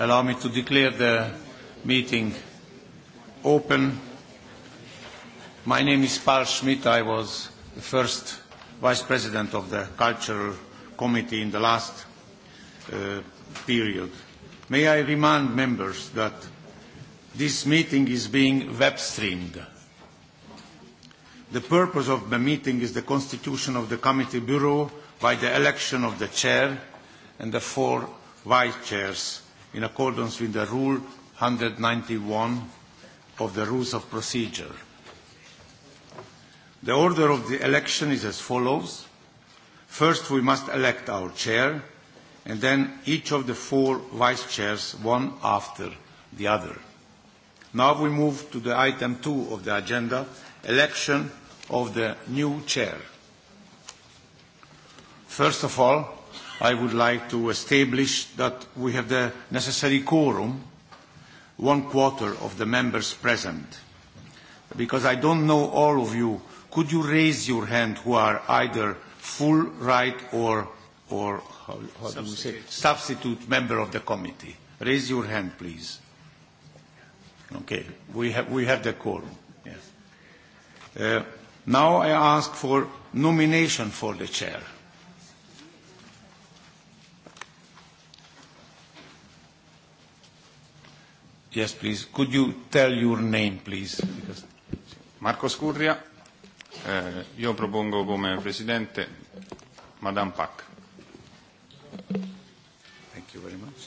allow me to declare the meeting open. My name is Paul Schmidt. I was the first Vice President of the Cultural Committee in the last uh, period. May I remind members that this meeting is being web streamed. The purpose of the meeting is the constitution of the Committee Bureau by the election of the Chair and the four Vice Chairs in accordance with the Rule 191 of the Rules of Procedure. The order of the election is as follows. First, we must elect our chair, and then each of the four vice chairs, one after the other. Now we move to the item two of the agenda, election of the new chair. First of all, I would like to establish that we have the necessary quorum, one quarter of the members present. Because I don't know all of you, could you raise your hand who are either full right or, or how, how substitute. do we say, substitute member of the committee? Raise your hand, please. Okay, we have, we have the quorum. Yes. Uh, now I ask for nomination for the chair. Yes, please. Could you tell your name, please? Because... Marco Scurria. Eh, io propongo come Presidente Madame Pack. Thank you very much.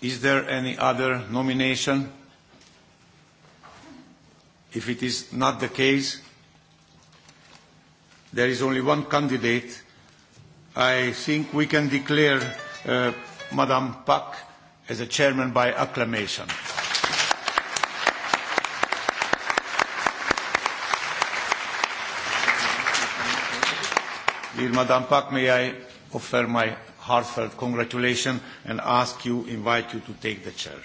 Is there any other nomination? If it is not the case, there is only one candidate I think we can declare uh, Madam Pak as a chairman by acclamation. Dear Madam Pak, may I offer my heartfelt congratulations and ask you, invite you to take the chair.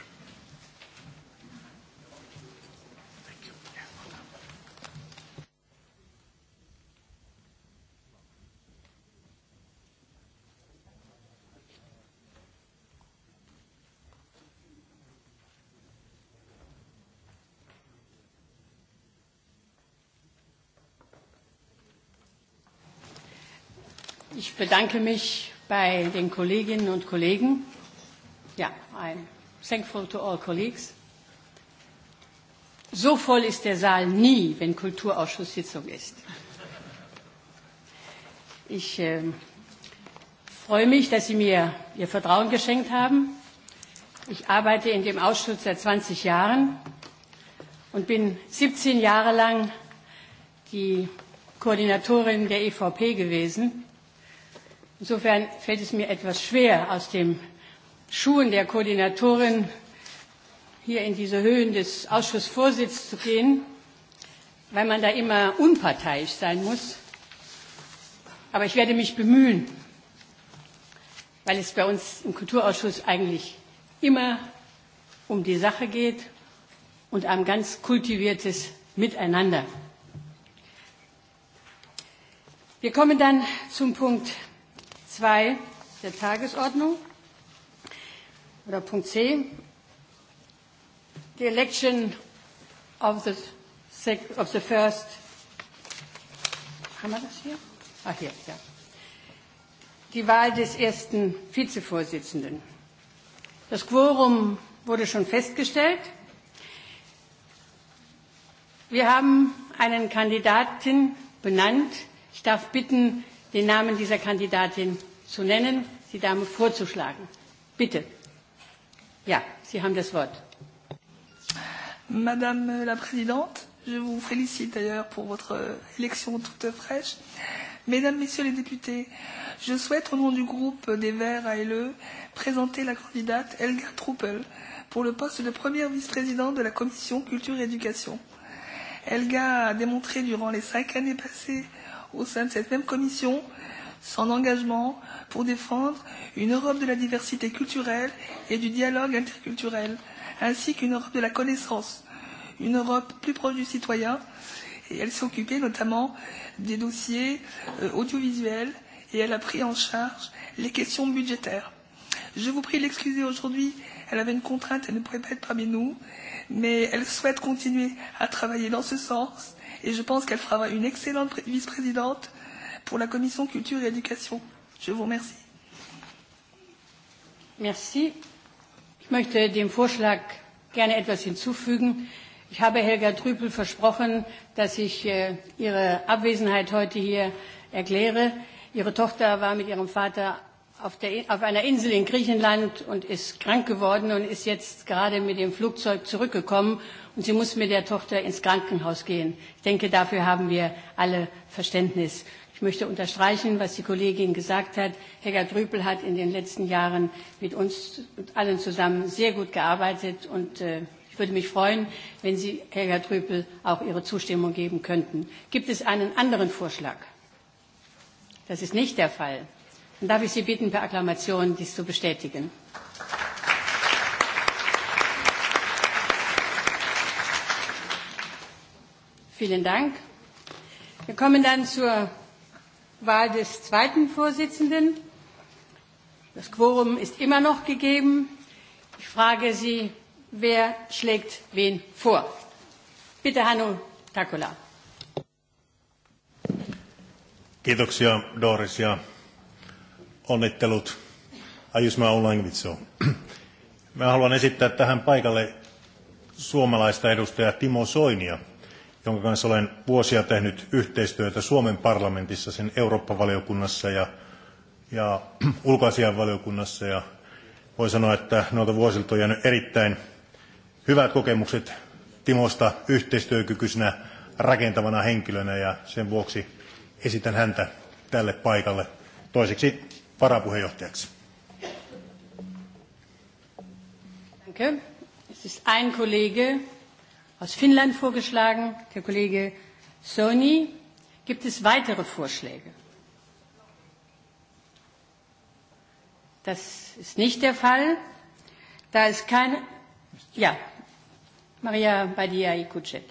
bedanke mich bei den Kolleginnen und Kollegen. Ja, I'm thankful to all colleagues. So voll ist der Saal nie, wenn Kulturausschusssitzung ist. Ich äh, freue mich, dass Sie mir Ihr Vertrauen geschenkt haben. Ich arbeite in dem Ausschuss seit 20 Jahren und bin 17 Jahre lang die Koordinatorin der EVP gewesen. Insofern fällt es mir etwas schwer, aus den Schuhen der Koordinatorin hier in diese Höhen des Ausschussvorsitzes zu gehen, weil man da immer unparteiisch sein muss. Aber ich werde mich bemühen, weil es bei uns im Kulturausschuss eigentlich immer um die Sache geht und ein ganz kultiviertes Miteinander. Wir kommen dann zum Punkt 2 der Tagesordnung oder Punkt C, the election of the, sec of the first, haben wir das hier? Ach, hier, ja. Die Wahl des ersten Vizevorsitzenden. Das Quorum wurde schon festgestellt. Wir haben einen Kandidaten benannt. Ich darf bitten, den Namen dieser Kandidatin zu nennen, die Dame vorzuschlagen. Bitte. Ja, Sie haben das Wort. Madame la Présidente, je vous félicite d'ailleurs pour votre élection toute fraîche. Mesdames, Messieurs les députés, je souhaite au nom du groupe des Verts ALE présenter la candidate Helga Truppel pour le poste de première vice-présidente de la Commission Culture et Éducation. Helga a démontré durant les cinq années passées au sein de cette même commission son engagement pour défendre une Europe de la diversité culturelle et du dialogue interculturel, ainsi qu'une Europe de la connaissance, une Europe plus proche du citoyen, et elle s'est occupée notamment des dossiers euh, audiovisuels et elle a pris en charge les questions budgétaires. Je vous prie de l'excuser aujourd'hui Elle avait une contrainte, elle ne pouvait pas être parmi nous, mais elle souhaite continuer à travailler dans ce sens et je pense qu'elle fera une excellente vice-présidente pour la commission culture et éducation. Je vous remercie. Merci. Ich möchte dem Vorschlag gerne etwas hinzufügen. Ich habe Helga Trüpel versprochen, dass ich äh, ihre Abwesenheit heute hier erkläre. Ihre Tochter war mit ihrem Vater auf, der, auf einer Insel in Griechenland und ist krank geworden und ist jetzt gerade mit dem Flugzeug zurückgekommen und sie muss mit der Tochter ins Krankenhaus gehen. Ich denke, dafür haben wir alle Verständnis. Ich möchte unterstreichen, was die Kollegin gesagt hat. Helga Drüpel hat in den letzten Jahren mit uns mit allen zusammen sehr gut gearbeitet und äh, ich würde mich freuen, wenn Sie, Helga Drüpel, auch Ihre Zustimmung geben könnten. Gibt es einen anderen Vorschlag? Das ist nicht der Fall. Darf ich Sie bitten, per Akklamation dies zu bestätigen? Vielen Dank. Wir kommen dann zur Wahl des zweiten Vorsitzenden. Das Quorum ist immer noch gegeben. Ich frage Sie, wer schlägt wen vor? Bitte Hannu Takula. Kiitoksia Doris ja onnittelut. I use my own language, so. Mä haluan esittää tähän paikalle suomalaista edustajaa Timo Soinia, jonka kanssa olen vuosia tehnyt yhteistyötä Suomen parlamentissa, sen Eurooppa-valiokunnassa ja, ja ulkoasianvaliokunnassa. Ja voi sanoa, että noilta vuosilta on jäänyt erittäin hyvät kokemukset Timosta yhteistyökykyisenä rakentavana henkilönä ja sen vuoksi esitän häntä tälle paikalle. Toiseksi varapuheenjohtajaksi. Danke. Es ist ein Kollege aus Finnland vorgeschlagen, der Kollege Sony. Gibt es weitere Vorschläge? Das ist nicht der Fall. Da ist keine... Ja, Maria Badia Ikucet.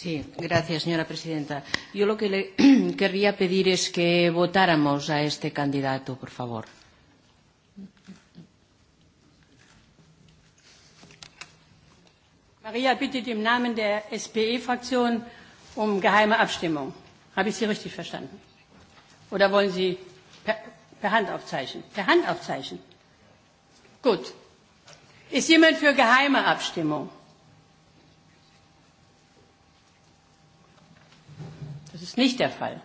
Sí, gracias, señora presidenta. Yo lo que le querría pedir es que votáramos a este candidato, por favor. Maria bittet im Namen der SPE-Fraktion um geheime Abstimmung. Habe ich Sie richtig verstanden? Oder wollen Sie per, per Hand aufzeichnen? Per Hand aufzeichnen. Gut. Ist jemand für geheime Abstimmung? ist nicht der Fall.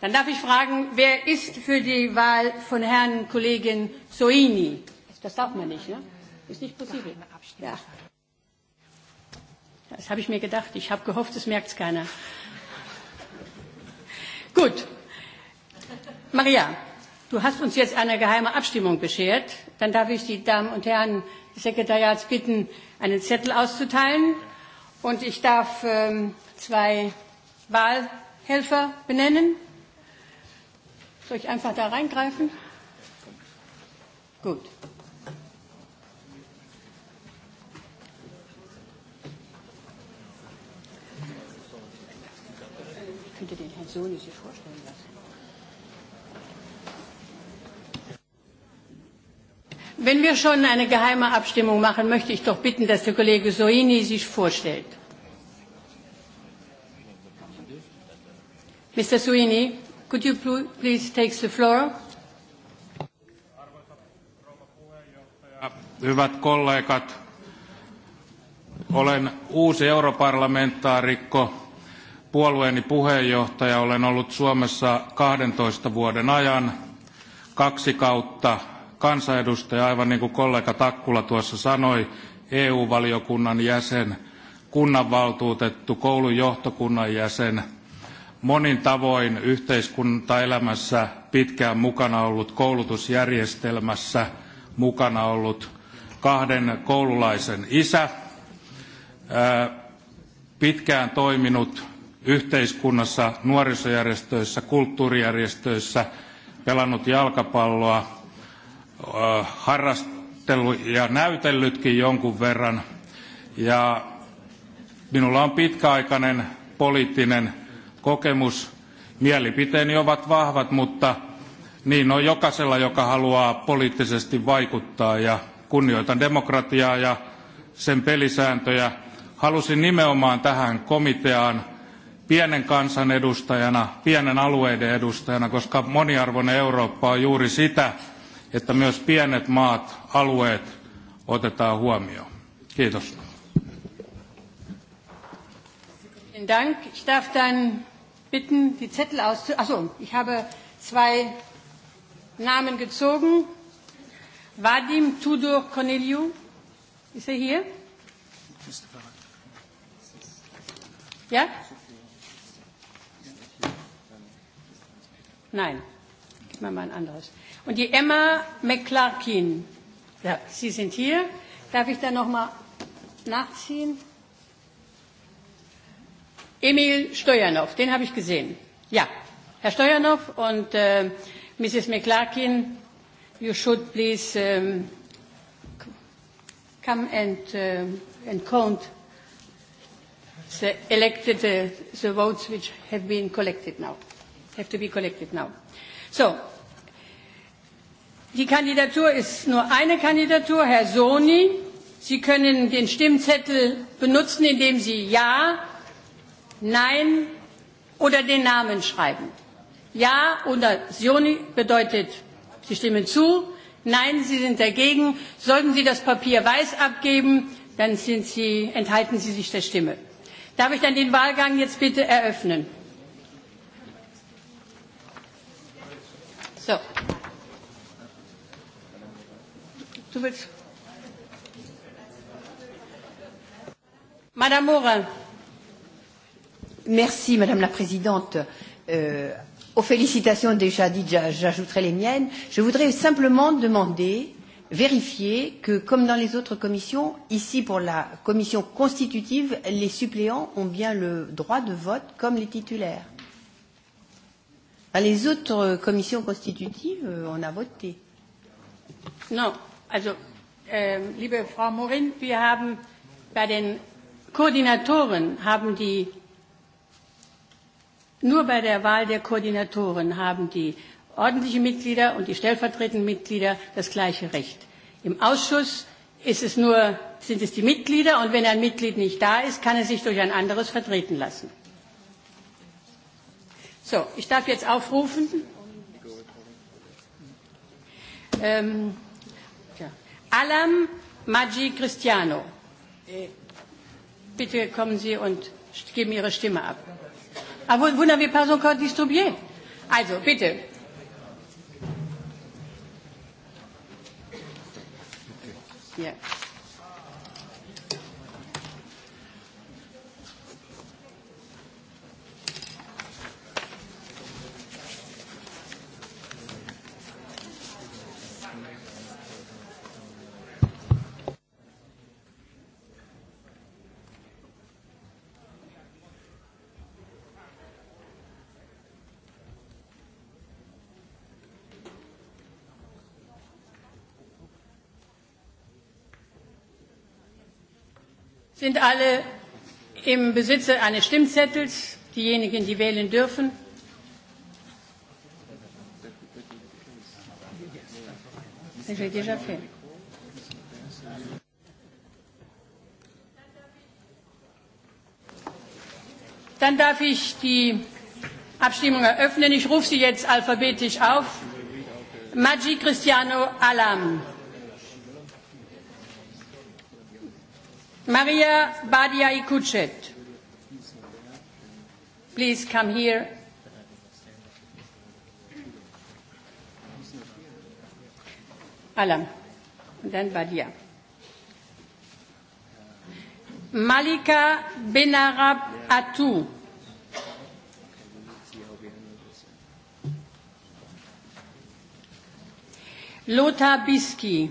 Dann darf ich fragen, wer ist für die Wahl von Herrn Kollegin Soini? Das darf man nicht, ne? Ist nicht possibel. Ja. Das habe ich mir gedacht. Ich habe gehofft, es merkt es keiner. Gut. Maria, du hast uns jetzt eine geheime Abstimmung beschert. Dann darf ich die Damen und Herren des Sekretariats bitten, einen Zettel auszuteilen. Und ich darf ähm, zwei Wahl Helfer benennen? Soll ich einfach da reingreifen? Gut. Ich könnte den Herrn Sohn sich vorstellen lassen. Wenn wir schon eine geheime Abstimmung machen, möchte ich doch bitten, dass der Kollege Soini sich vorstellt. Mr. Sweeney, could you please take the floor? Hyvät kollegat, olen uusi europarlamentaarikko, puolueeni puheenjohtaja. Olen ollut Suomessa 12 vuoden ajan, kaksi kautta kansanedustaja, aivan niin kuin kollega Takkula tuossa sanoi, EU-valiokunnan jäsen, kunnanvaltuutettu, koulun johtokunnan jäsen – monin tavoin yhteiskuntaelämässä pitkään mukana ollut koulutusjärjestelmässä mukana ollut kahden koululaisen isä, pitkään toiminut yhteiskunnassa, nuorisojärjestöissä, kulttuurijärjestöissä, pelannut jalkapalloa, harrastellut ja näytellytkin jonkun verran. Ja minulla on pitkäaikainen poliittinen kokemus. Mielipiteeni ovat vahvat, mutta niin on jokaisella, joka haluaa poliittisesti vaikuttaa ja kunnioitan demokratiaa ja sen pelisääntöjä. Halusin nimenomaan tähän komiteaan pienen kansan edustajana, pienen alueiden edustajana, koska moniarvoinen Eurooppa on juuri sitä, että myös pienet maat, alueet otetaan huomioon. Kiitos. Dank. Ich darf dann bitten, die Zettel auszu... Achso, ich habe zwei Namen gezogen. Vadim Tudor Corneliu. Ist er hier? Ja? Nein. Gib mir mal ein anderes. Und die Emma McClarkin. Ja, Sie sind hier. Darf ich da noch mal nachziehen? Emil Stojanov, den habe ich gesehen. Ja, Herr Stojanov und äh, Mrs. McClarkin, you should please um, come and, uh, and count the elected, uh, the votes which have been collected now, have to be collected now. So, die Kandidatur ist nur eine Kandidatur, Herr Soni. Sie können den Stimmzettel benutzen, indem Sie Ja Nein oder den Namen schreiben. Ja oder Sioni bedeutet, Sie stimmen zu. Nein, Sie sind dagegen. Sollten Sie das Papier weiß abgeben, dann sind Sie, enthalten Sie sich der Stimme. Darf ich dann den Wahlgang jetzt bitte eröffnen? So. Du willst? Madame Morin. Merci, Madame la Présidente. Euh, aux félicitations déjà dites, j'ajouterai les miennes. Je voudrais simplement demander, vérifier que, comme dans les autres commissions, ici pour la commission constitutive, les suppléants ont bien le droit de vote comme les titulaires. Dans les autres commissions constitutives, euh, on a voté. Non, alors, euh, ähm, liebe Frau Morin, wir haben bei den Koordinatoren haben die Nur bei der Wahl der Koordinatoren haben die ordentlichen Mitglieder und die stellvertretenden Mitglieder das gleiche Recht. Im Ausschuss ist es nur, sind es die Mitglieder und wenn ein Mitglied nicht da ist, kann er sich durch ein anderes vertreten lassen. So, ich darf jetzt aufrufen. Ähm, ja. Alam Maggi Cristiano. Bitte kommen Sie und geben Ihre Stimme ab. Ah, vous, vous n'avez pas encore distribué Also, bitte. Ja. Yeah. sind alle im Besitz eines Stimmzettels, diejenigen, die wählen dürfen. Dann darf ich die Abstimmung eröffnen. Ich rufe sie jetzt alphabetisch auf. Maggi Cristiano Alam. Maria Badia Ikuchet. Please come here. Alam. then Badia. Malika Benarab Atu. Lothar Biski.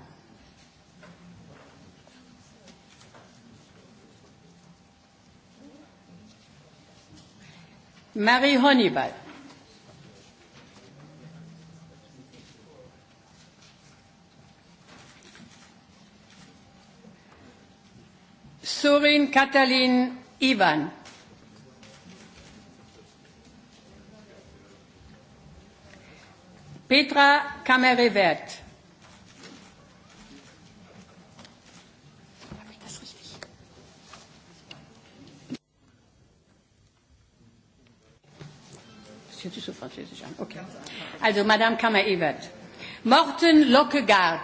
Marie Honeyball. Surin Katalin Ivan. Petra Kamerevert. Französisch zu Französisch an. Okay. Also, Madame kammer Evert. Morten Lockegaard.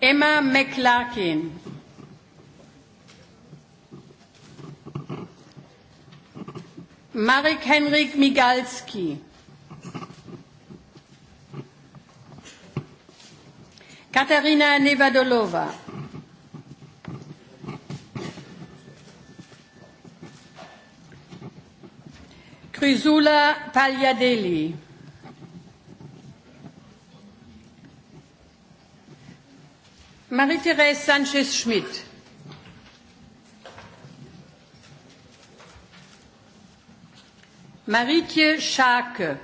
Emma McClarkin. Marek Henrik Migalski. Katarina Nevadolova. Prisula Tagliadelli. Marie-Thérèse Sanchez-Schmidt. Marieke Schake.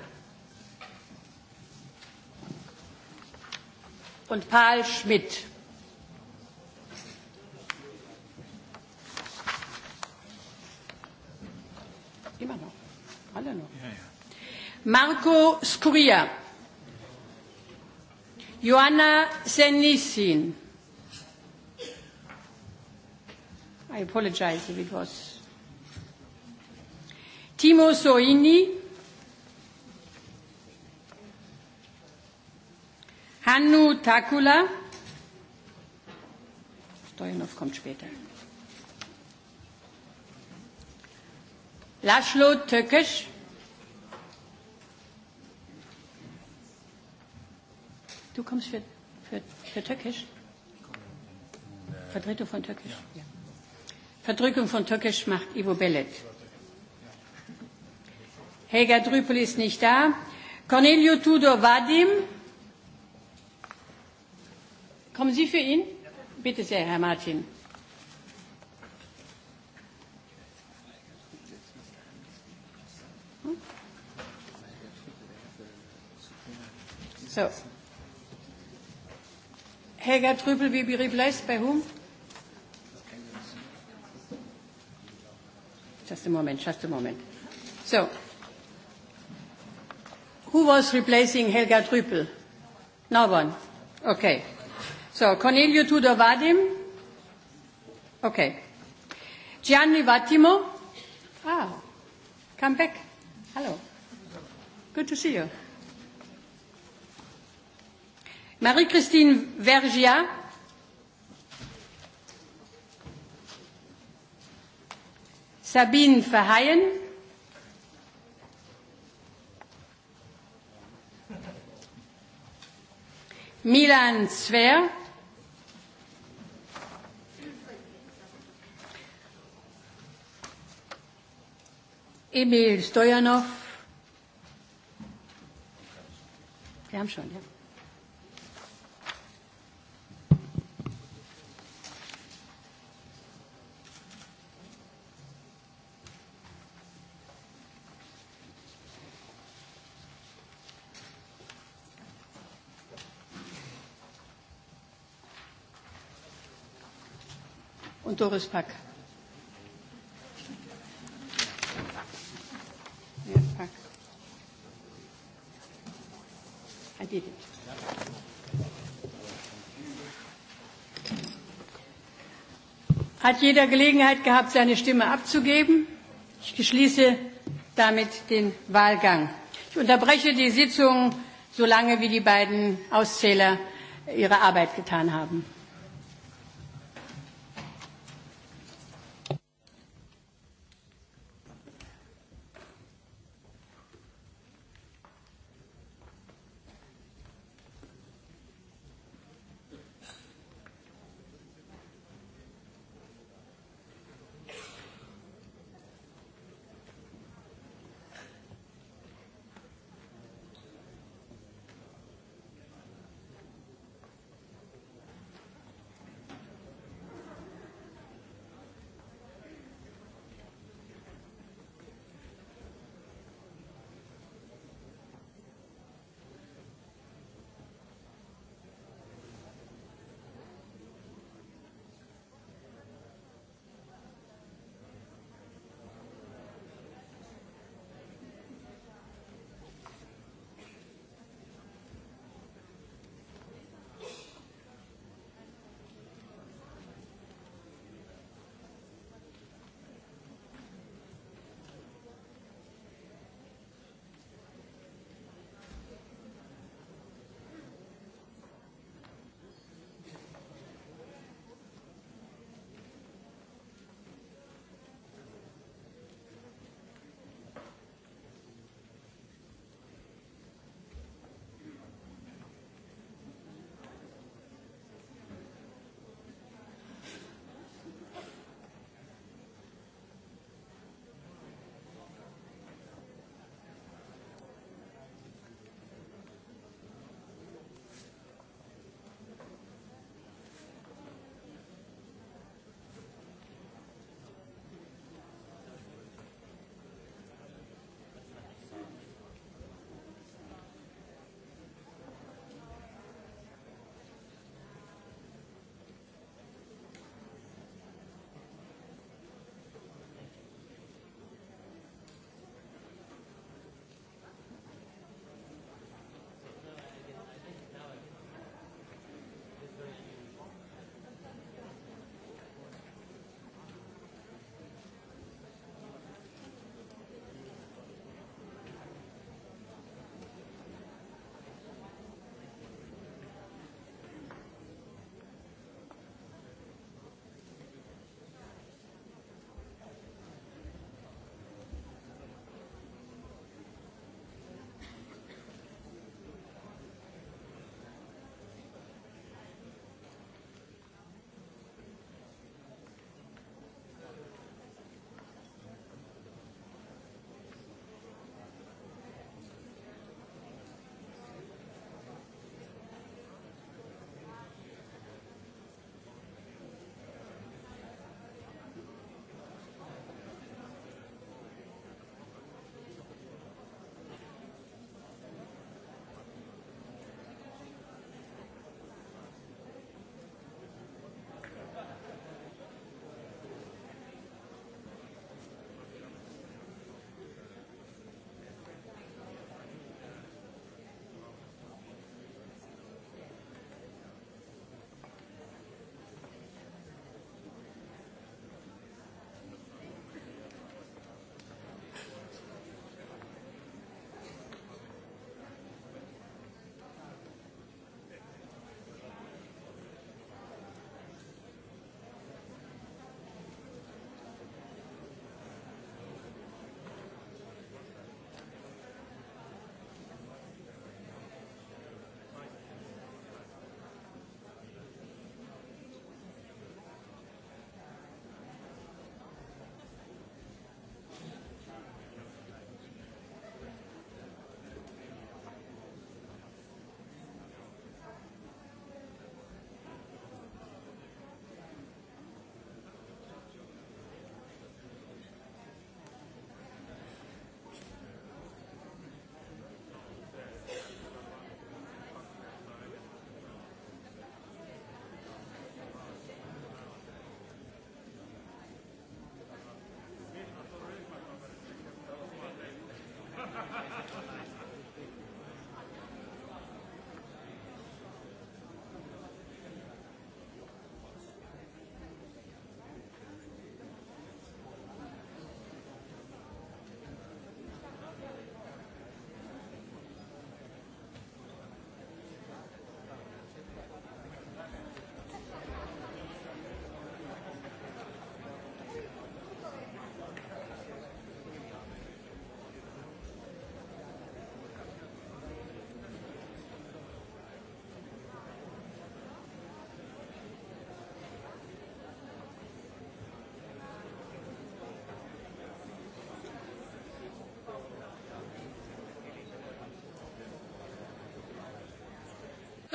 Und Paul Schmidt. don't know. Marco Scuria. Joanna Senissin. I apologize if it was. Timo Soini. Hannu Takula. Stojanov kommt später. Laszlo Tökes. Du kommst für, für, für Türkisch? Vertretung von Türkisch? Ja. Verdrückung von Türkisch macht Ivo Bellet. Helga Drüpel ist nicht da. Cornelio Tudor Vadim. Kommen Sie für ihn? Bitte sehr, Herr Martin. So. Helga Trüppel will be replaced by whom? Just a moment, just a moment. So, who was replacing Helga Trüppel? No one. Okay. So, Cornelio Tudor Vadim. Okay. Gianni Vattimo. Ah, come back. Hello. Good to see you. Marie-Christine Vergia. Sabine Verheyen. Milan Sver. Emil Stojanov. Wir haben schon, ja. Doris Pack. Yeah, Pack. I did it. Hat jeder Gelegenheit gehabt, seine Stimme abzugeben? Ich schließe damit den Wahlgang. Ich unterbreche die Sitzung, solange wie die beiden Auszähler ihre Arbeit getan haben.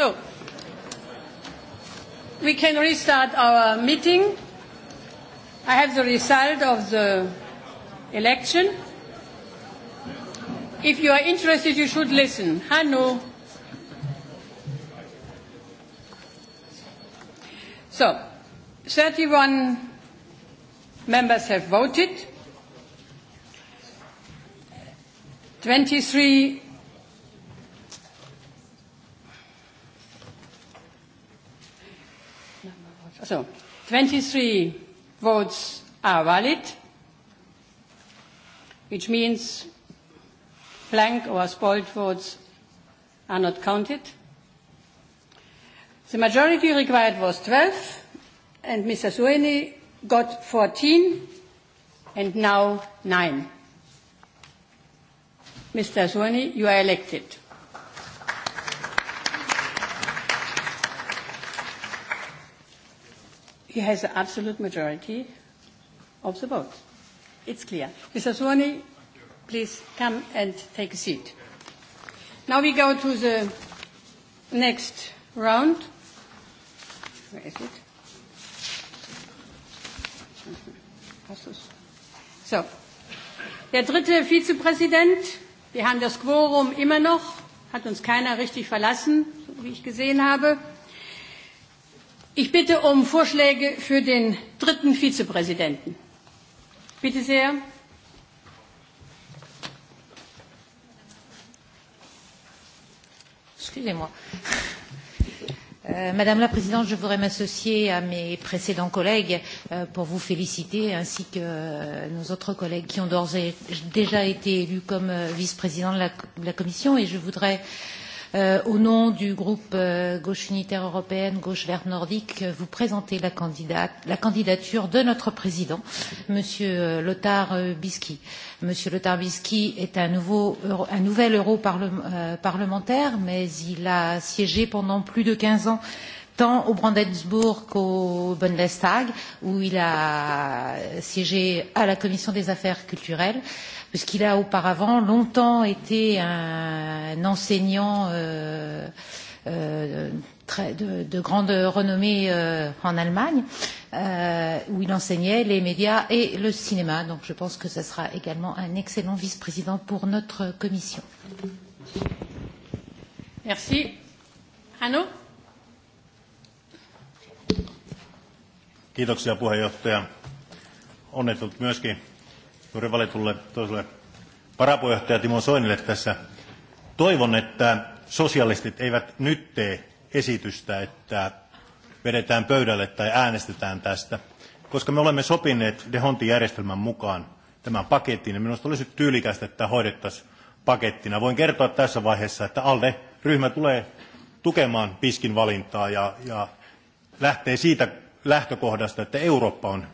So, we can restart our meeting. I have the result of the election. If you are interested, you should listen. Hanno. So, 31 members have voted. 23 So, 23 votes are valid, which means blank or spoiled votes are not counted. The majority required was 12, and Mr. Sueni got 14, and now 9. Mr. Sueni, you are elected. he has an absolute majority of the vote. It's clear. Mr. Suoni, please come and take a seat. Now we go to the next round. Where is it? So, der dritte Vizepräsident, wir haben das Quorum immer noch, hat uns keiner richtig verlassen, so wie ich gesehen habe. Ich bitte um Vorschläge für den dritten Vizepräsidenten. Bitte sehr. Excusez-moi. Euh, Madame la Présidente, je voudrais m'associer à mes précédents collègues euh, pour vous féliciter, ainsi que euh, nos autres collègues qui ont d'ores et déjà été élus comme euh, vice président de, de la Commission. Et je voudrais euh, euh, au nom du groupe euh, Gauche unitaire européenne, Gauche verte nordique, euh, vous présenter la, candidate, la candidature de notre président, Monsieur euh, Lothar euh, Bisky. Monsieur Lothar Bisky est un, nouveau, un nouvel euro parlementaire, mais il a siégé pendant plus de 15 ans tant au Brandenburg qu'au Bundestag, où il a siégé à la Commission des affaires culturelles, puisqu'il a auparavant longtemps été un enseignant euh, euh, très, de, de grande renommée euh, en Allemagne, euh, où il enseignait les médias et le cinéma. Donc je pense que ce sera également un excellent vice-président pour notre commission. Merci. Hanno Kiitoksia puheenjohtaja. Onnetut myöskin juuri valitulle toiselle varapuheenjohtaja Timo Soinille tässä. Toivon, että sosialistit eivät nyt tee esitystä, että vedetään pöydälle tai äänestetään tästä, koska me olemme sopineet Dehonti-järjestelmän mukaan tämän pakettiin ja minusta olisi tyylikästä, että hoidettaisiin pakettina. Voin kertoa tässä vaiheessa, että ALDE-ryhmä tulee tukemaan piskin valintaa, ja, ja lähtee siitä lähtökohdasta, että Eurooppa on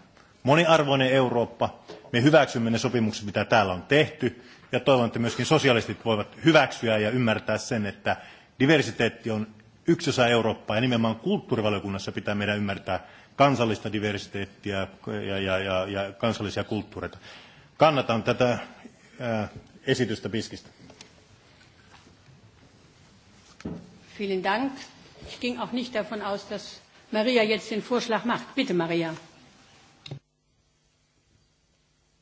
moniarvoinen Eurooppa. Me hyväksymme ne sopimukset, mitä täällä on tehty. Ja toivon, että myöskin sosialistit voivat hyväksyä ja ymmärtää sen, että diversiteetti on yksi osa Eurooppaa. Ja nimenomaan kulttuurivaliokunnassa pitää meidän ymmärtää kansallista diversiteettiä ja, ja, ja, ja kansallisia kulttuureita. Kannatan tätä ää, äh, esitystä Piskistä. Vielen Dank. Ich ging auch nicht davon aus, dass Maria jetzt den Vorschlag macht. Bitte, Maria.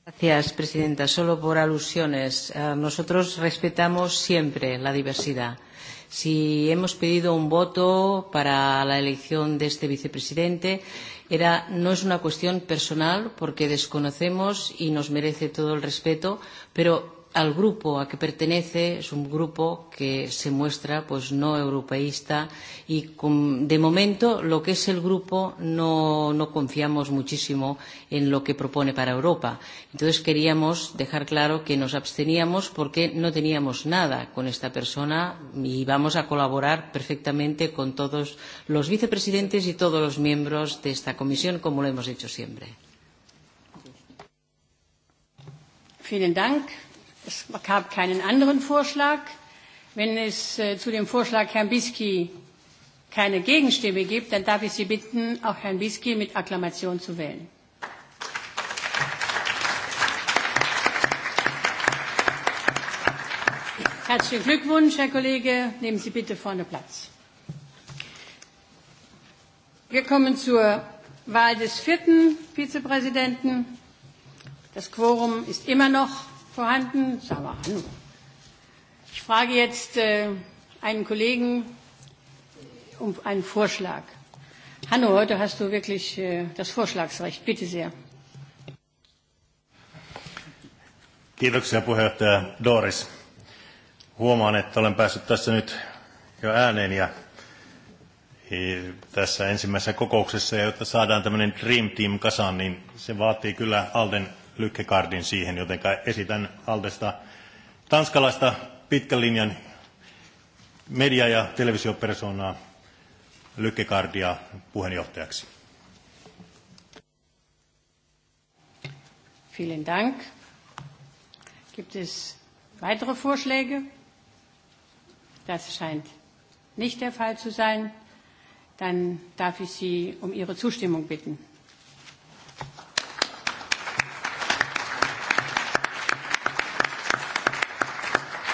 Gracias, Presidenta. Solo por alusiones. Eh, nosotros respetamos siempre la diversidad. Si hemos pedido un voto para la elección de este vicepresidente, era, no es una cuestión personal porque desconocemos y nos merece todo el respeto, pero al grupo a que pertenece es un grupo que se muestra pues no europeísta y con, de momento lo que es el grupo no, no confiamos muchísimo en lo que propone para Europa. Entonces queríamos dejar claro que nos absteníamos porque no teníamos nada con esta persona y vamos a colaborar perfectamente con todos los vicepresidentes y todos los miembros de esta comisión como lo hemos hecho siempre. Vielen Dank. Es gab keinen anderen Vorschlag. Wenn es äh, zu dem Vorschlag Herrn Biski keine Gegenstimme gibt, dann darf ich Sie bitten, auch Herrn Bisky mit Akklamation zu wählen. Herzlichen Glückwunsch, Herr Kollege. Nehmen Sie bitte vorne Platz. Wir kommen zur Wahl des vierten Vizepräsidenten. Das Quorum ist immer noch vorhanden. Aber hallo. Ich frage jetzt äh, einen Kollegen um einen Vorschlag. Hanno, heute hast du wirklich äh, das Vorschlagsrecht. Bitte sehr. Kiitoksia puheenjohtaja Doris. Huomaan, että olen päässyt tässä nyt jo ääneen ja e, tässä ensimmäisessä kokouksessa, ja jotta saadaan tämmöinen Dream Team kasaan, niin se vaatii kyllä Alden lykkekardin siihen, joten esitän Aldesta tanskalaista pitkän linjan media- ja televisiopersonaa lykkekardia puheenjohtajaksi. Vielen Dank. Gibt es weitere Vorschläge? Das scheint nicht der Fall zu sein. Dann darf ich Sie um Ihre Zustimmung bitten.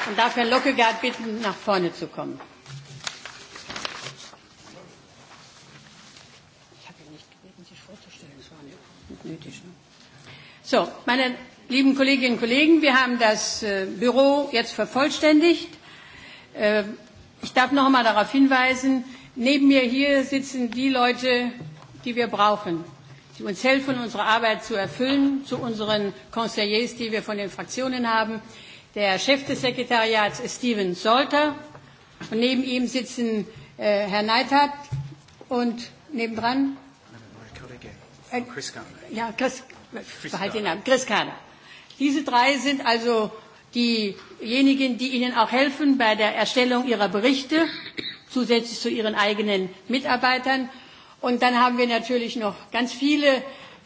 Und darf Herrn Lockegaard bitten, nach vorne zu kommen. Ich habe ihn nicht gebeten, sich vorzustellen. Es war nicht nötig. Ne? So, meine lieben Kolleginnen und Kollegen, wir haben das äh, Büro jetzt vervollständigt. Äh, ich darf noch einmal darauf hinweisen, neben mir hier sitzen die Leute, die wir brauchen, die uns helfen, unsere Arbeit zu erfüllen, zu unseren Conseillers, die wir von den Fraktionen haben. Der Chef des Sekretariats ist Steven Solter und neben ihm sitzen äh, Herr Neithardt und nebendran äh, Chris ja, Chris, Chris Diese drei sind also diejenigen, die Ihnen auch helfen bei der Erstellung Ihrer Berichte, zusätzlich zu Ihren eigenen Mitarbeitern. Und dann haben wir natürlich noch ganz viele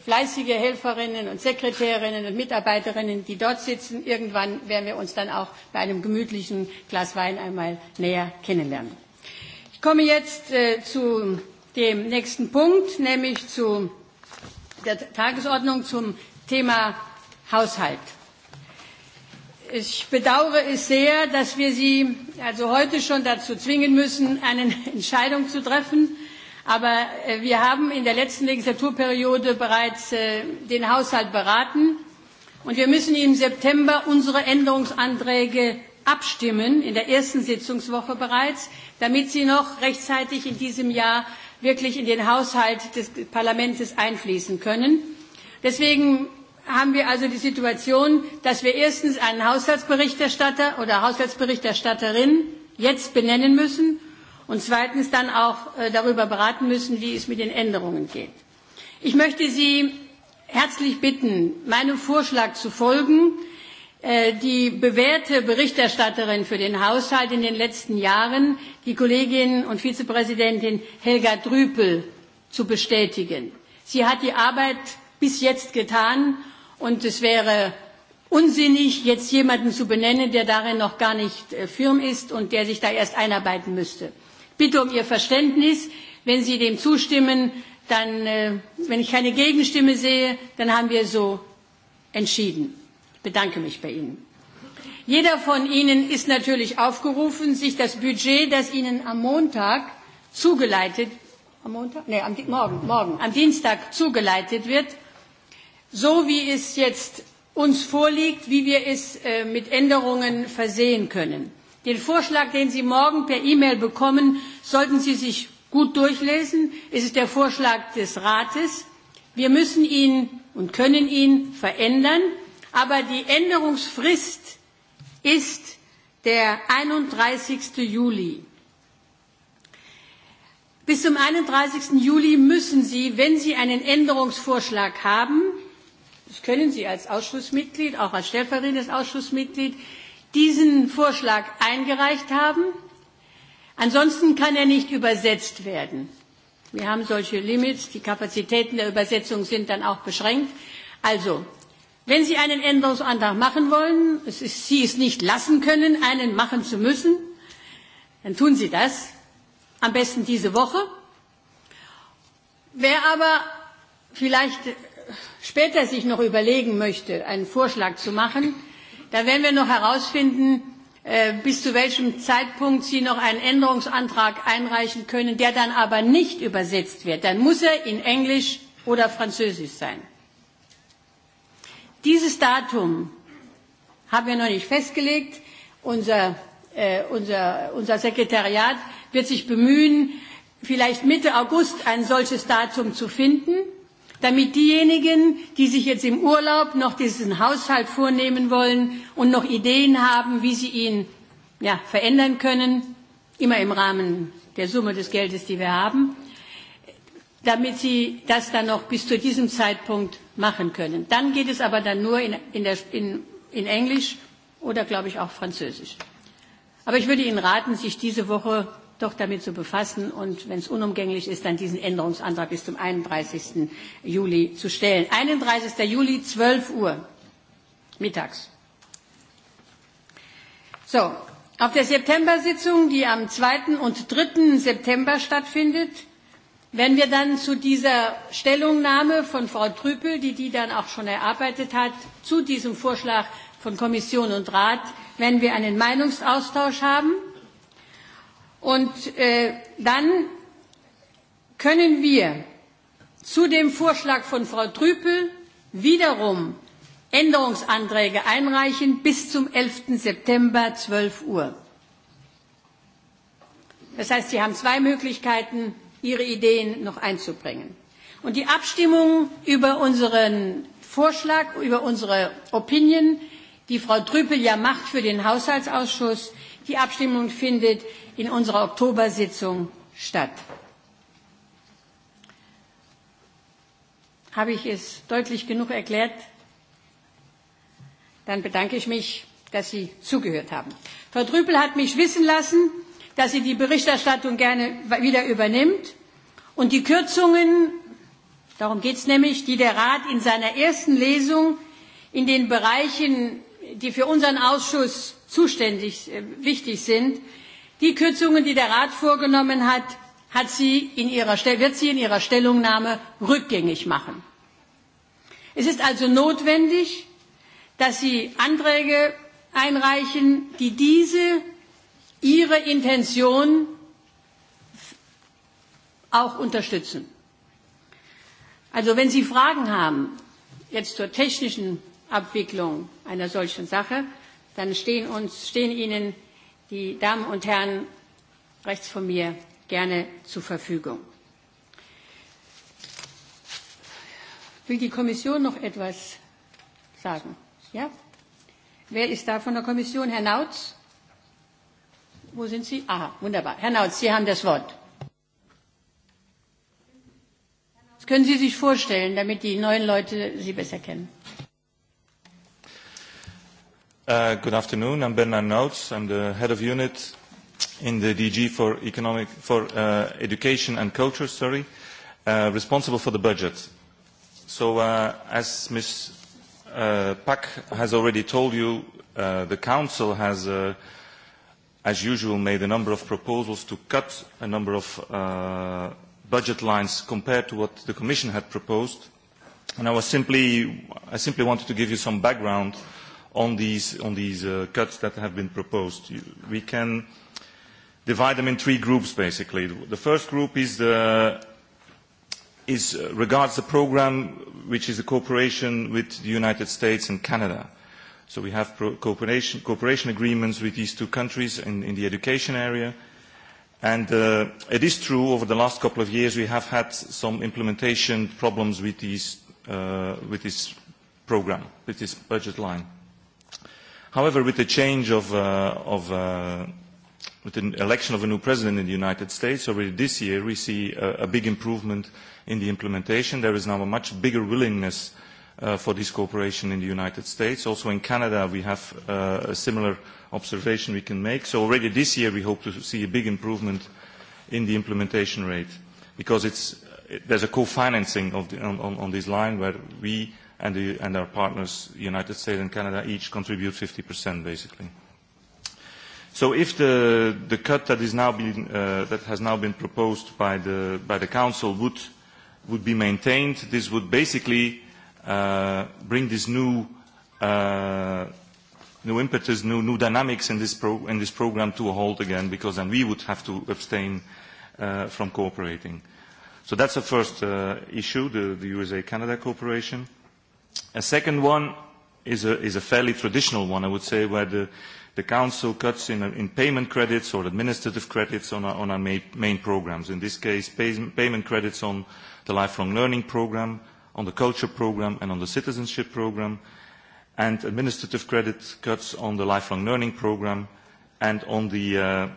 fleißige Helferinnen und Sekretärinnen und Mitarbeiterinnen, die dort sitzen. Irgendwann werden wir uns dann auch bei einem gemütlichen Glas Wein einmal näher kennenlernen. Ich komme jetzt äh, zu dem nächsten Punkt, nämlich zu der Tagesordnung zum Thema Haushalt. Ich bedauere es sehr, dass wir Sie also heute schon dazu zwingen müssen, eine Entscheidung zu treffen, Aber äh, wir haben in der letzten Legislaturperiode bereits äh, den Haushalt beraten und wir müssen im September unsere Änderungsanträge abstimmen, in der ersten Sitzungswoche bereits, damit sie noch rechtzeitig in diesem Jahr wirklich in den Haushalt des Parlaments einfließen können. Deswegen haben wir also die Situation, dass wir erstens einen Haushaltsberichterstatter oder Haushaltsberichterstatterin jetzt benennen müssen und zweitens dann auch äh, darüber beraten müssen, wie es mit den Änderungen geht. Ich möchte Sie herzlich bitten, meinem Vorschlag zu folgen. Äh, die bewährte Berichterstatterin für den Haushalt in den letzten Jahren, die Kollegin und Vizepräsidentin Helga Drüpel, zu bestätigen. Sie hat die Arbeit bis jetzt getan und es wäre unsinnig, jetzt jemanden zu benennen, der darin noch gar nicht äh, firm ist und der sich da erst einarbeiten müsste bitte um Ihr Verständnis. Wenn Sie dem zustimmen, dann, äh, wenn ich keine Gegenstimme sehe, dann haben wir so entschieden. Ich bedanke mich bei Ihnen. Jeder von Ihnen ist natürlich aufgerufen, sich das Budget, das Ihnen am Montag zugeleitet, am Montag? Nee, am, morgen, morgen, am Dienstag zugeleitet wird, so wie es jetzt uns vorliegt, wie wir es äh, mit Änderungen versehen können. Den Vorschlag, den Sie morgen per E-Mail bekommen, sollten Sie sich gut durchlesen. Es ist der Vorschlag des Rates. Wir müssen ihn und können ihn verändern, aber die Änderungsfrist ist der 31. Juli. Bis zum 31. Juli müssen Sie, wenn Sie einen Änderungsvorschlag haben, das können Sie als Ausschussmitglied, auch als stellvertretendes Ausschussmitglied, diesen Vorschlag eingereicht haben. Ansonsten kann er nicht übersetzt werden. Wir haben solche Limits, die Kapazitäten der Übersetzung sind dann auch beschränkt. Also, wenn Sie einen Änderungsantrag machen wollen, es ist, Sie es nicht lassen können, einen machen zu müssen, dann tun Sie das, am besten diese Woche. Wer aber vielleicht später sich noch überlegen möchte, einen Vorschlag zu machen, Da werden wir noch herausfinden, äh, bis zu welchem Zeitpunkt Sie noch einen Änderungsantrag einreichen können, der dann aber nicht übersetzt wird. Dann muss er in Englisch oder Französisch sein. Dieses Datum haben wir noch nicht festgelegt. Unser, äh, unser, unser Sekretariat wird sich bemühen, vielleicht Mitte August ein solches Datum zu finden damit diejenigen, die sich jetzt im Urlaub noch diesen Haushalt vornehmen wollen und noch Ideen haben, wie sie ihn ja, verändern können, immer im Rahmen der Summe des Geldes, die wir haben, damit sie das dann noch bis zu diesem Zeitpunkt machen können. Dann geht es aber dann nur in, in, der, in, in Englisch oder, glaube ich, auch Französisch. Aber ich würde Ihnen raten, sich diese Woche doch damit zu befassen und wenn es unumgänglich ist, dann diesen Änderungsantrag bis zum 31. Juli zu stellen. 31. Juli, 12 Uhr mittags. So, auf der September-Sitzung, die am 2. und 3. September stattfindet, werden wir dann zu dieser Stellungnahme von Frau Trüpel, die die dann auch schon erarbeitet hat, zu diesem Vorschlag von Kommission und Rat, werden wir einen Meinungsaustausch haben. Und äh, dann können wir zu dem Vorschlag von Frau Trüpel wiederum Änderungsanträge einreichen bis zum 11. September 12 Uhr. Das heißt, Sie haben zwei Möglichkeiten, Ihre Ideen noch einzubringen. Und die Abstimmung über unseren Vorschlag, über unsere Opinion, die Frau Trüpel ja macht für den Haushaltsausschuss, die Abstimmung findet in unserer Oktobersitzung statt. Habe ich es deutlich genug erklärt? Dann bedanke ich mich, dass Sie zugehört haben. Frau Trüpel hat mich wissen lassen, dass sie die Berichterstattung gerne wieder übernimmt und die Kürzungen, darum geht es nämlich, die der Rat in seiner ersten Lesung in den Bereichen, die für unseren Ausschuss zuständig äh, wichtig sind, Die Kürzungen, die der Rat vorgenommen hat, hat sie in ihrer, wird sie in ihrer Stellungnahme rückgängig machen. Es ist also notwendig, dass Sie Anträge einreichen, die diese Ihre Intention auch unterstützen. Also wenn Sie Fragen haben, jetzt zur technischen Abwicklung einer solchen Sache, dann stehen, uns, stehen Ihnen die Damen und Herren rechts von mir gerne zur Verfügung. Will die Kommission noch etwas sagen? Ja? Wer ist da von der Kommission? Herr Nautz? Wo sind Sie? Aha, wunderbar. Herr Nautz, Sie haben das Wort. Können Sie sich vorstellen, damit die neuen Leute Sie besser kennen? Uh, good afternoon. I'm Bernard Nautz. I'm the head of unit in the DG for, economic, for uh, education and culture, sorry, uh, responsible for the budget. So uh, as Ms. Uh, Pak has already told you, uh, the Council has, uh, as usual, made a number of proposals to cut a number of uh, budget lines compared to what the Commission had proposed. And I, was simply, I simply wanted to give you some background uh, on these, on these uh, cuts that have been proposed. We can divide them in three groups, basically. The first group is the, is, uh, regards the program, which is a cooperation with the United States and Canada. So we have pro cooperation, cooperation agreements with these two countries in, in the education area. And uh, it is true, over the last couple of years, we have had some implementation problems with, these, uh, with this program, with this budget line. However, with the change of, uh, of uh, with the election of a new president in the United States already this year, we see a, a big improvement in the implementation. There is now a much bigger willingness uh, for this cooperation in the United States. Also in Canada, we have uh, a similar observation we can make. So already this year, we hope to see a big improvement in the implementation rate because it's, it, there's a co-financing on, on, on this line where we and, the, and our partners, United States and Canada, each contribute 50% basically. So if the, the cut that, is now being, uh, that has now been proposed by the, by the Council would, would be maintained, this would basically uh, bring this new, uh, new impetus, new, new dynamics in this, pro in this program to a halt again, because then we would have to abstain uh, from cooperating. So that's the first uh, issue, the, the USA-Canada cooperation. A second one is a, is a fairly traditional one, I would say, where the, the Council cuts in, in payment credits or administrative credits on our, on our main, main programs. In this case, pay, payment credits on the lifelong learning program, on the culture program, and on the citizenship program, and administrative credit cuts on the lifelong learning program and on the uh,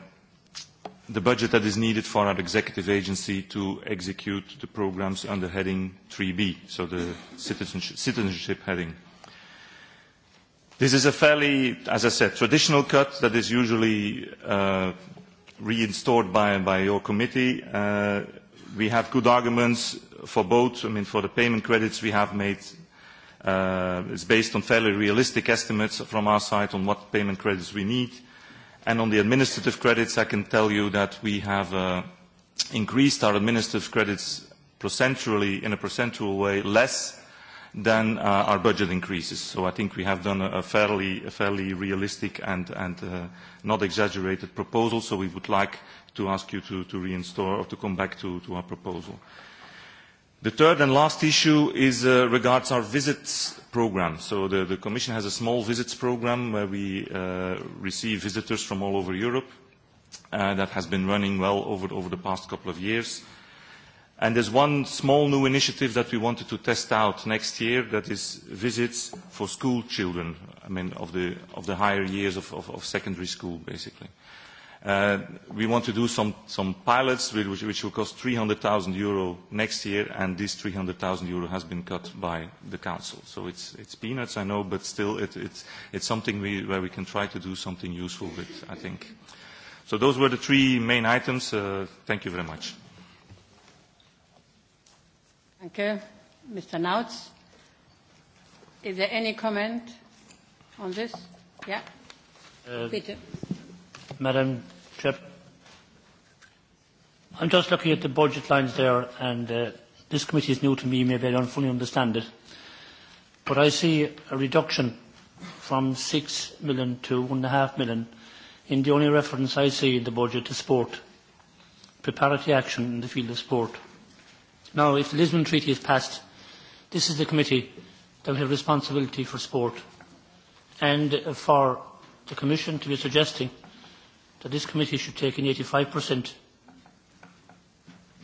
the budget that is needed for our executive agency to execute the programs under heading 3B, so the citizenship, citizenship heading. This is a fairly, as I said, traditional cut that is usually uh, reinstored by, by your committee. Uh, we have good arguments for both. I mean, for the payment credits we have made, uh, it's based on fairly realistic estimates from our side on what payment credits we need. And on the administrative credits, I can tell you that we have uh, increased our administrative credits percentually, in a percentual way, less than uh, our budget increases. So I think we have done a, fairly, a fairly realistic and, and uh, not exaggerated proposal, so we would like to ask you to, to reinstall or to come back to, to our proposal. The third and last issue is uh, regards our visits program. So the, the Commission has a small visits program where we uh, receive visitors from all over Europe uh, that has been running well over, over the past couple of years. And there's one small new initiative that we wanted to test out next year that is visits for school children, I mean, of the, of the higher years of, of, of secondary school, basically. Uh, we want to do some, some pilots which, which will cost 300,000 euro next year and this 300,000 euro has been cut by the council. So it's, it's peanuts, I know, but still it, it's, it's something we, where we can try to do something useful with, I think. So those were the three main items. Uh, thank you very much. Thank you. Mr. Nautz, is there any comment on this? Yeah. Uh, Peter. Madam Chair. I'm just looking at the budget lines there, and uh, this committee is new to me, maybe I don't fully understand it. But I see a reduction from 6 million to 1.5 million in the only reference I see in the budget to sport, preparatory action in the field of sport. Now, if the Lisbon Treaty is passed, this is the committee that will have responsibility for sport and for the Commission to be suggesting that this committee should take an 85%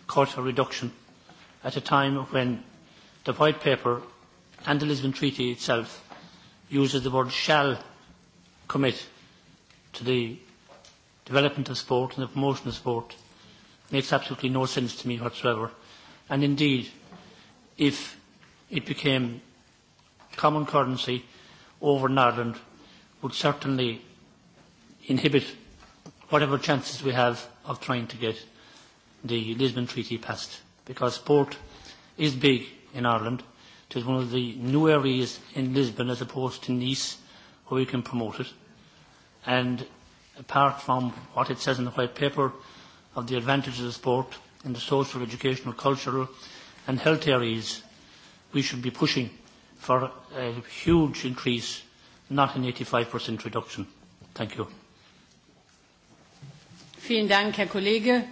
quota reduction at a time when the White Paper and the Lisbon Treaty itself uses the word shall commit to the development of sport and the promotion of sport makes absolutely no sense to me whatsoever. And indeed, if it became common currency over in Ireland, would certainly inhibit whatever chances we have of trying to get the Lisbon Treaty passed. Because sport is big in Ireland. It is one of the new areas in Lisbon as opposed to Nice where we can promote it. And apart from what it says in the white paper of the advantages of sport in the social, educational, cultural and health areas, we should be pushing for a huge increase, not an 85% reduction. Thank you. Vielen Dank, Herr Kollege.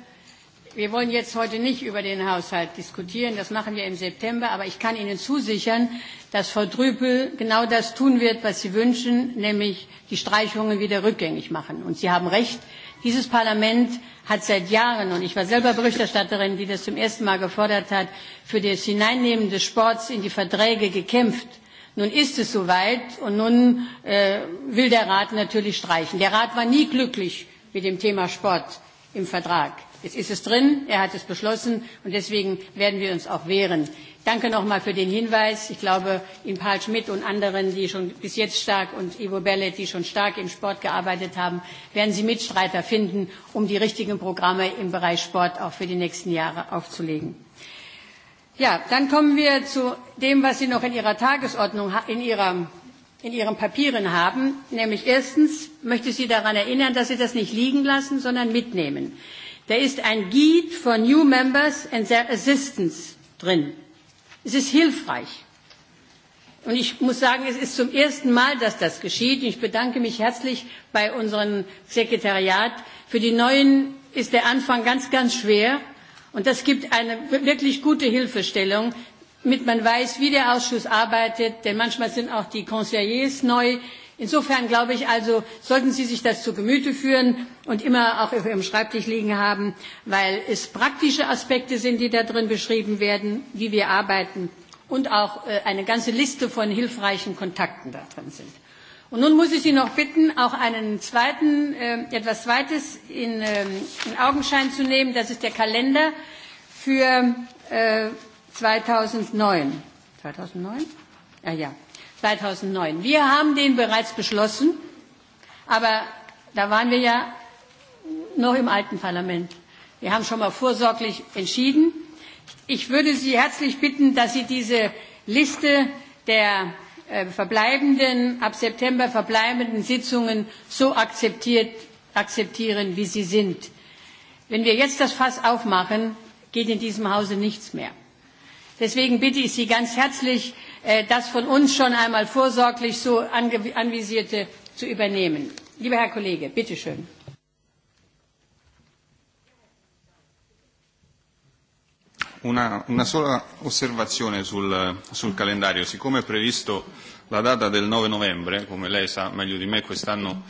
Wir wollen jetzt heute nicht über den Haushalt diskutieren, das machen wir im September, aber ich kann Ihnen zusichern, dass Frau Drüpel genau das tun wird, was Sie wünschen, nämlich die Streichungen wieder rückgängig machen. Und Sie haben recht, dieses Parlament hat seit Jahren, und ich war selber Berichterstatterin, die das zum ersten Mal gefordert hat, für das Hineinnehmen des Sports in die Verträge gekämpft. Nun ist es soweit und nun äh, will der Rat natürlich streichen. Der Rat war nie glücklich mit dem Thema Sport im Vertrag. Jetzt ist es drin, er hat es beschlossen und deswegen werden wir uns auch wehren. Danke nochmal für den Hinweis. Ich glaube, in Paul Schmidt und anderen, die schon bis jetzt stark und Ivo Bellet, die schon stark im Sport gearbeitet haben, werden Sie Mitstreiter finden, um die richtigen Programme im Bereich Sport auch für die nächsten Jahre aufzulegen. Ja, dann kommen wir zu dem, was Sie noch in Ihrer Tagesordnung, in Ihrer in Ihren Papieren haben. Nämlich erstens möchte ich Sie daran erinnern, dass Sie das nicht liegen lassen, sondern mitnehmen. Da ist ein Guide for New Members and Their Assistance drin. Es ist hilfreich. Und ich muss sagen, es ist zum ersten Mal, dass das geschieht. Ich bedanke mich herzlich bei unserem Sekretariat. Für die Neuen ist der Anfang ganz, ganz schwer. Und das gibt eine wirklich gute Hilfestellung, damit man weiß, wie der Ausschuss arbeitet, denn manchmal sind auch die Conseillers neu. Insofern glaube ich also, sollten Sie sich das zu Gemüte führen und immer auch auf Ihrem Schreibtisch liegen haben, weil es praktische Aspekte sind, die da drin beschrieben werden, wie wir arbeiten und auch äh, eine ganze Liste von hilfreichen Kontakten da drin sind. Und nun muss ich Sie noch bitten, auch einen zweiten, äh, etwas Zweites in, ähm, in Augenschein zu nehmen. Das ist der Kalender für äh, 2009. 2009? Ah, ja, 2009. Wir haben den bereits beschlossen, aber da waren wir ja noch im alten Parlament. Wir haben schon mal vorsorglich entschieden. Ich würde Sie herzlich bitten, dass Sie diese Liste der äh, verbleibenden, ab September verbleibenden Sitzungen so akzeptiert, akzeptieren, wie sie sind. Wenn wir jetzt das Fass aufmachen, geht in diesem Hause nichts mehr. Deswegen bitte ich Sie ganz herzlich, äh, das von uns schon einmal vorsorglich so anvisierte zu übernehmen. Lieber Herr Kollege, bitte schön. Una, una sola osservazione sul, sul calendario. Siccome è previsto la data del 9 novembre, come lei sa meglio di me, quest'anno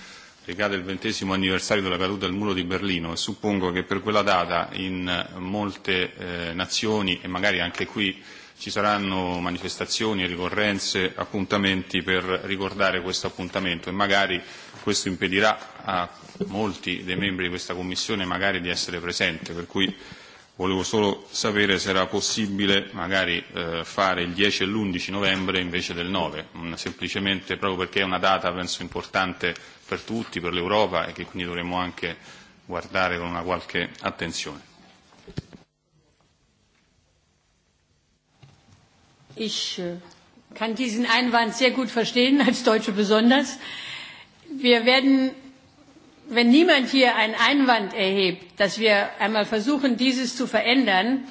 regala il ventesimo anniversario della caduta del muro di Berlino e suppongo che per quella data in eh, molte eh, nazioni e magari anche qui ci saranno manifestazioni, e ricorrenze, appuntamenti per ricordare questo appuntamento e magari questo impedirà a molti dei membri di questa Commissione magari di essere presente, per cui Volevo solo sapere se era possibile magari eh, fare il 10 e l'11 novembre invece del 9, mm, semplicemente proprio perché è una data penso importante per tutti, per l'Europa e che quindi dovremmo anche guardare con una qualche attenzione. Ich äh, kann diesen Einwand sehr gut verstehen, als Deutsche besonders. Wir werden wenn niemand hier einen Einwand erhebt, dass wir einmal versuchen, dieses zu verändern,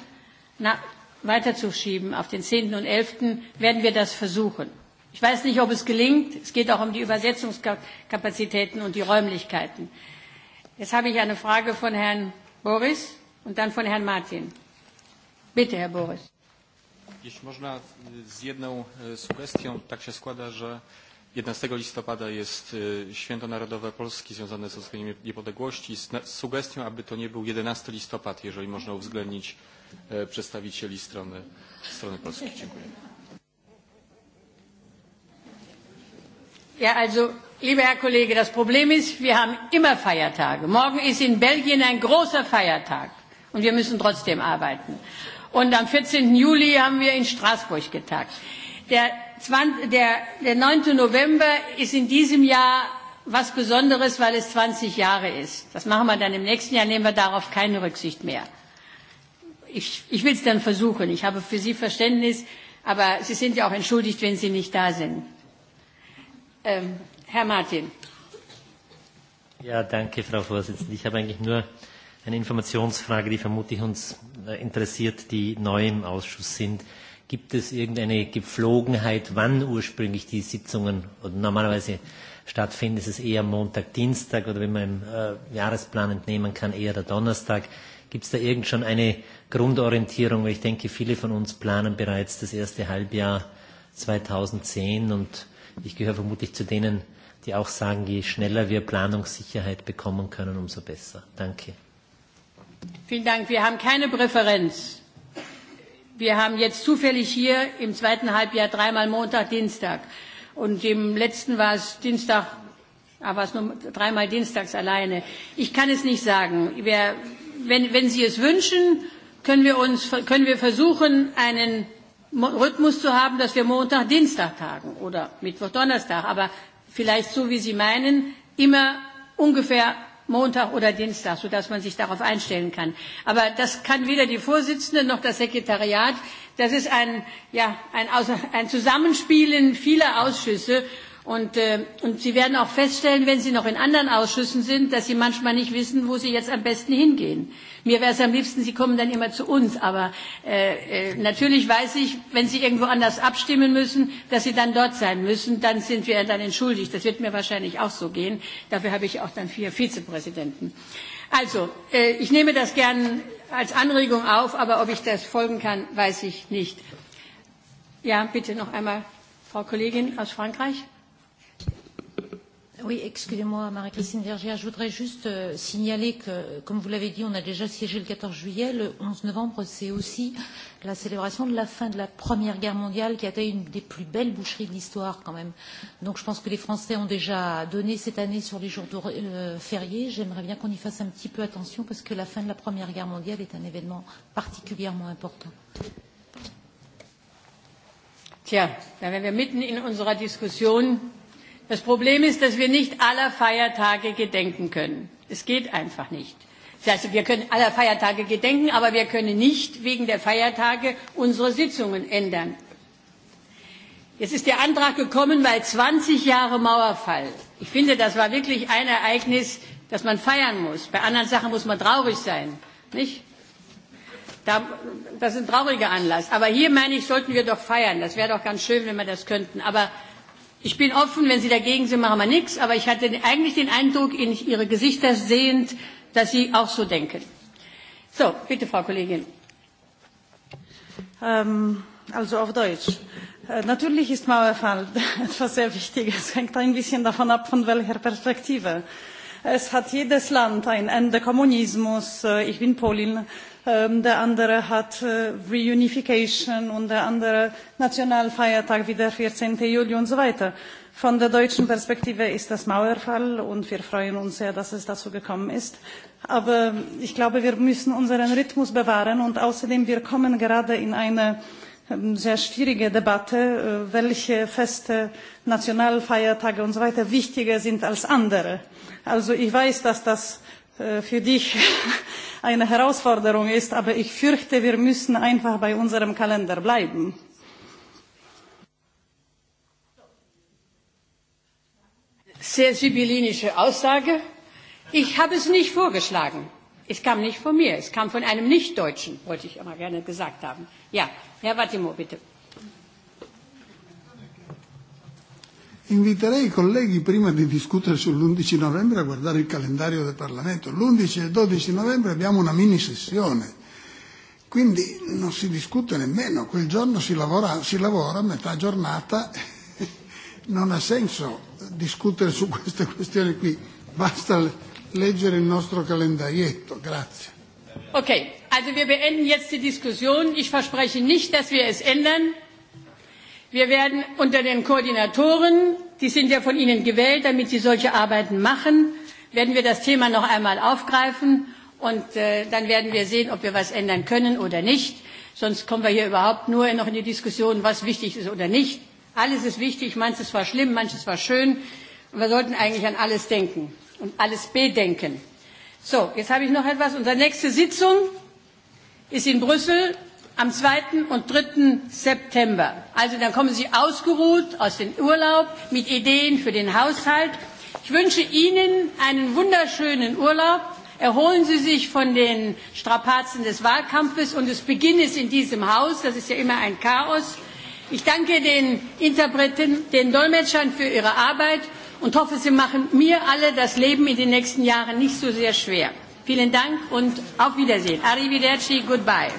na, weiterzuschieben auf den 10. und 11., werden wir das versuchen. Ich weiß nicht, ob es gelingt. Es geht auch um die Übersetzungskapazitäten und die Räumlichkeiten. Jetzt habe ich eine Frage von Herrn Boris und dann von Herrn Martin. Bitte, Herr Boris. Jeśli można z jedną e, sugestią, tak się składa, że 11 listopada jest Święto Narodowe Polski związane z odzyskaniem niepodległości z sugestią, aby to nie był 11 listopad, jeżeli można uwzględnić e, przedstawicieli strony, strony polskiej. Dziękuję. Ja, also, liebe Herr Kollege, das Problem ist, wir haben immer Feiertage. Morgen ist in Belgien ein großer Feiertag und wir müssen trotzdem arbeiten. Und am 14. Juli haben wir in Straßburg getagt. Der 20, der, der 9. November ist in diesem Jahr was Besonderes, weil es 20 Jahre ist. Das machen wir dann im nächsten Jahr, nehmen wir darauf keine Rücksicht mehr. Ich, ich will es dann versuchen. Ich habe für Sie Verständnis, aber Sie sind ja auch entschuldigt, wenn Sie nicht da sind. Ähm, Herr Martin. Ja, danke, Frau Vorsitzende. Ich habe eigentlich nur eine Informationsfrage, die vermutlich uns äh, interessiert, die neu im Ausschuss sind. Gibt es irgendeine Gepflogenheit, wann ursprünglich die Sitzungen oder normalerweise stattfinden? Ist es eher Montag, Dienstag oder wenn man im äh, Jahresplan entnehmen kann, eher der Donnerstag? Gibt es da irgend schon eine Grundorientierung? Weil ich denke, viele von uns planen bereits das erste Halbjahr 2010 und ich gehöre vermutlich zu denen, die auch sagen, je schneller wir Planungssicherheit bekommen können, umso besser. Danke. Vielen Dank. Wir haben keine Präferenz. Wir haben jetzt zufällig hier im zweiten Halbjahr dreimal Montag, Dienstag. Und im letzten war es Dienstag, aber ah, es nur dreimal Dienstags alleine. Ich kann es nicht sagen. Wir, wenn, wenn Sie es wünschen, können wir, uns, können wir versuchen, einen Rhythmus zu haben, dass wir Montag, Dienstag tagen oder Mittwoch, Donnerstag, aber vielleicht so, wie Sie meinen, immer ungefähr Montag oder Dienstag, sodass man sich darauf einstellen kann. Aber das kann weder die Vorsitzende noch das Sekretariat. Das ist ein, ja, ein, ein Zusammenspielen vieler Ausschüsse Und, äh, und Sie werden auch feststellen, wenn Sie noch in anderen Ausschüssen sind, dass Sie manchmal nicht wissen, wo Sie jetzt am besten hingehen. Mir wäre es am liebsten, Sie kommen dann immer zu uns. Aber äh, äh, natürlich weiß ich, wenn Sie irgendwo anders abstimmen müssen, dass Sie dann dort sein müssen. Dann sind wir dann entschuldigt. Das wird mir wahrscheinlich auch so gehen. Dafür habe ich auch dann vier Vizepräsidenten. Also, äh, ich nehme das gern als Anregung auf, aber ob ich das folgen kann, weiß ich nicht. Ja, bitte noch einmal, Frau Kollegin aus Frankreich. Oui, excusez-moi, Marie-Christine Vergier. Je voudrais juste euh, signaler que, comme vous l'avez dit, on a déjà siégé le 14 juillet. Le 11 novembre, c'est aussi la célébration de la fin de la Première Guerre mondiale qui a été une des plus belles boucheries de l'histoire quand même. Donc je pense que les Français ont déjà donné cette année sur les jours euh, fériés. J'aimerais bien qu'on y fasse un petit peu attention parce que la fin de la Première Guerre mondiale est un événement particulièrement important. Tiens, da wären wir mitten in unserer Diskussion Das Problem ist, dass wir nicht aller Feiertage gedenken können. Es geht einfach nicht. Das heißt, wir können aller Feiertage gedenken, aber wir können nicht wegen der Feiertage unsere Sitzungen ändern. Jetzt ist der Antrag gekommen, weil 20 Jahre Mauerfall. Ich finde, das war wirklich ein Ereignis, das man feiern muss. Bei anderen Sachen muss man traurig sein, nicht? Da, das ist ein trauriger Anlass. Aber hier, meine ich, sollten wir doch feiern. Das wäre doch ganz schön, wenn wir das könnten. Aber Ich bin offen, wenn Sie dagegen sind, machen wir nichts, aber ich hatte eigentlich den Eindruck, in Ihre Gesichter sehend, dass Sie auch so denken. So, bitte, Frau Kollegin. Ähm, also auf Deutsch. Äh, natürlich ist Mauerfall etwas sehr Wichtiges. Es hängt ein bisschen davon ab, von welcher Perspektive. Es hat jedes Land ein Ende Kommunismus. Äh, ich bin Polin um, der andere hat uh, eh, Reunification und der andere Nationalfeiertag wie der 14. Juli und so weiter. Von der deutschen Perspektive ist das Mauerfall und wir freuen uns sehr, dass es dazu gekommen ist. Aber um, ich glaube, wir müssen unseren Rhythmus bewahren und außerdem wir kommen gerade in eine um, sehr schwierige Debatte, eh, welche Feste, Nationalfeiertage und so weiter wichtiger sind als andere. Also ich weiß, dass das Äh, für dich eine Herausforderung ist, aber ich fürchte, wir müssen einfach bei unserem Kalender bleiben. Sehr sibyllinische Aussage. Ich habe es nicht vorgeschlagen. Es kam nicht von mir, es kam von einem Nichtdeutschen, wollte ich immer gerne gesagt haben. Ja, Herr Wattimo, bitte. Inviterei i colleghi prima di discutere sull'11 novembre a guardare il calendario del Parlamento. L'11 e il 12 novembre abbiamo una mini sessione, quindi non si discute nemmeno, quel giorno si lavora, si lavora a metà giornata, non ha senso discutere su queste questioni qui, basta leggere il nostro calendarietto. Grazie. Ok, also wir beenden jetzt die Diskussion. Ich verspreche nicht, dass wir es ändern. Wir werden unter den Koordinatoren, die sind ja von Ihnen gewählt, damit sie solche Arbeiten machen, werden wir das Thema noch einmal aufgreifen und äh, dann werden wir sehen, ob wir was ändern können oder nicht. Sonst kommen wir hier überhaupt nur noch in die Diskussion, was wichtig ist oder nicht. Alles ist wichtig, manches war schlimm, manches war schön. Und wir sollten eigentlich an alles denken und alles bedenken. So, jetzt habe ich noch etwas. Unsere nächste Sitzung ist in Brüssel am 2. und 3. September. Also dann kommen Sie ausgeruht aus dem Urlaub mit Ideen für den Haushalt. Ich wünsche Ihnen einen wunderschönen Urlaub. Erholen Sie sich von den Strapazen des Wahlkampfes und des Beginnes in diesem Haus. Das ist ja immer ein Chaos. Ich danke den Interpreten, den Dolmetschern für ihre Arbeit und hoffe, Sie machen mir alle das Leben in den nächsten Jahren nicht so sehr schwer. Vielen Dank und auf Wiedersehen. Arrivederci, goodbye.